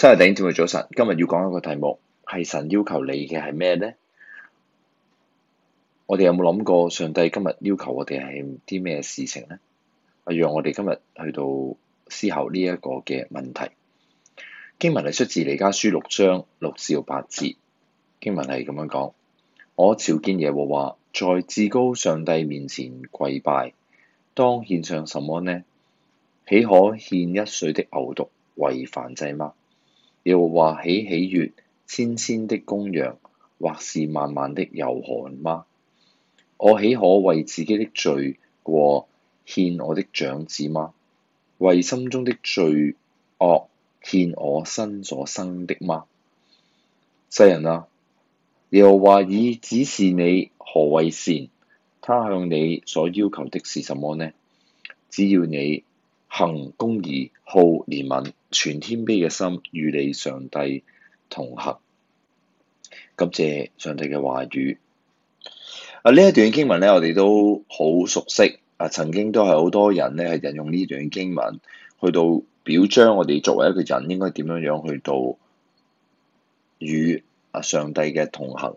七日頂住嘅早晨，今日要講一個題目，係神要求你嘅係咩呢？我哋有冇諗過，上帝今日要求我哋係啲咩事情呢？讓我哋今日去到思考呢一個嘅問題。經文係出自《彌迦書》六章六至八節。經文係咁樣講：我朝見耶和華，在至高上帝面前跪拜，當獻上什麼呢？豈可獻一歲的牛犢為燔祭嗎？耶和華豈喜悅千千的公羊，或是萬萬的油河嗎？我豈可為自己的罪過獻我的長子嗎？為心中的罪惡獻我身所生的嗎？世人哪，耶和華已指示你何為善，他向你所要求的是什麼呢？只要你行公義，好憐憫。存謙卑嘅心，與你上帝同行，感謝上帝嘅話語。啊，呢一段經文咧，我哋都好熟悉，啊，曾經都係好多人咧，係引用呢段經文去到表彰我哋作為一個人應該點樣樣去到與啊上帝嘅同行。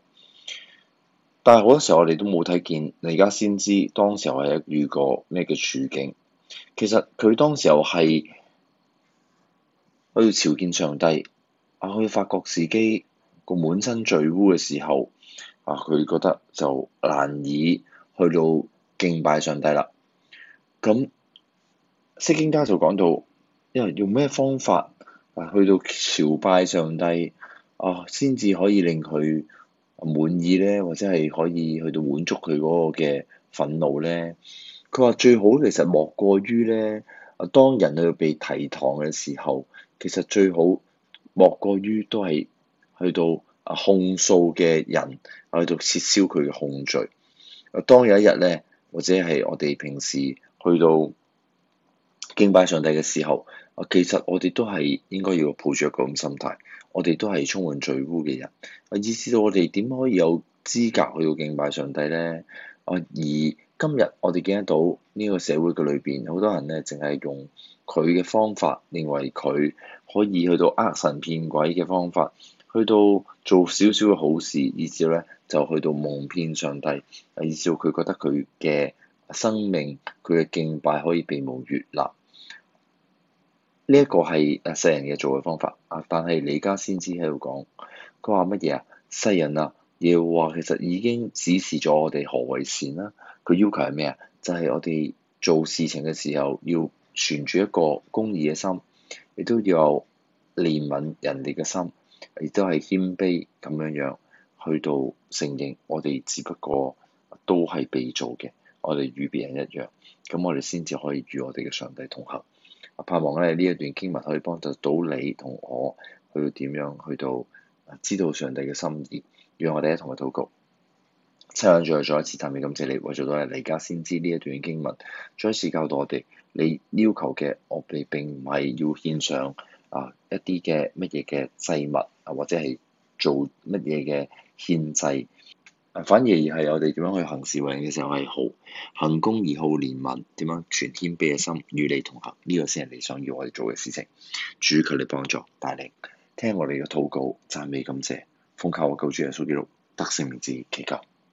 但係好多時候我哋都冇睇見，你而家先知當時候係遇過咩嘅處境？其實佢當時候係。去到朝見上帝啊，去發覺自己個滿身罪污嘅時候啊，佢覺得就難以去到敬拜上帝啦。咁、嗯，釋經家就講到，因、啊、為用咩方法啊？去到朝拜上帝啊，先至可以令佢滿意咧，或者係可以去到滿足佢嗰個嘅憤怒咧。佢話最好其實莫過於咧啊，當人類被提堂嘅時候。其實最好莫過於都係去到控訴嘅人，去到撤銷佢嘅控罪。當有一日呢，或者係我哋平時去到敬拜上帝嘅時候，啊，其實我哋都係應該要抱著一個咁心態，我哋都係充滿罪污嘅人。啊，意思到我哋點可以有資格去到敬拜上帝呢？啊，而今日我哋見得到呢個社會嘅裏邊，好多人呢淨係用佢嘅方法，認為佢可以去到呃神騙鬼嘅方法，去到做少少嘅好事，以至後咧就去到蒙騙上帝，以至佢覺得佢嘅生命佢嘅敬拜可以被無悅納。呢一個係啊世人嘅做嘅方法啊，但係彌迦先知喺度講，佢話乜嘢啊？世人啊，耶和華其實已經指示咗我哋何為善啦。佢要求係咩啊？就係我哋做事情嘅時候要。存住一個公義嘅心，亦都有憐憫人哋嘅心，亦都係謙卑咁樣樣去到承認，我哋只不過都係被造嘅，我哋與別人一樣，咁我哋先至可以與我哋嘅上帝同行。啊盼望咧呢一段經文可以幫助到你同我，去到點樣去到知道上帝嘅心意，讓我哋一同去禱告。趁在再一次讚美感謝你，為咗到你嚟家先知呢一段經文，再一次教導我哋，你要求嘅我哋並唔係要獻上啊一啲嘅乜嘢嘅祭物啊，或者係做乜嘢嘅獻祭，反而而係我哋點樣去行事為人嘅時候係好行公義好憐憫，點樣存謙卑心與你同行。呢、這個先係你想要我哋做嘅事情，主佢你幫助帶你聽我哋嘅禱告，讚美感謝，奉靠我救主耶穌基督，得勝名字祈求。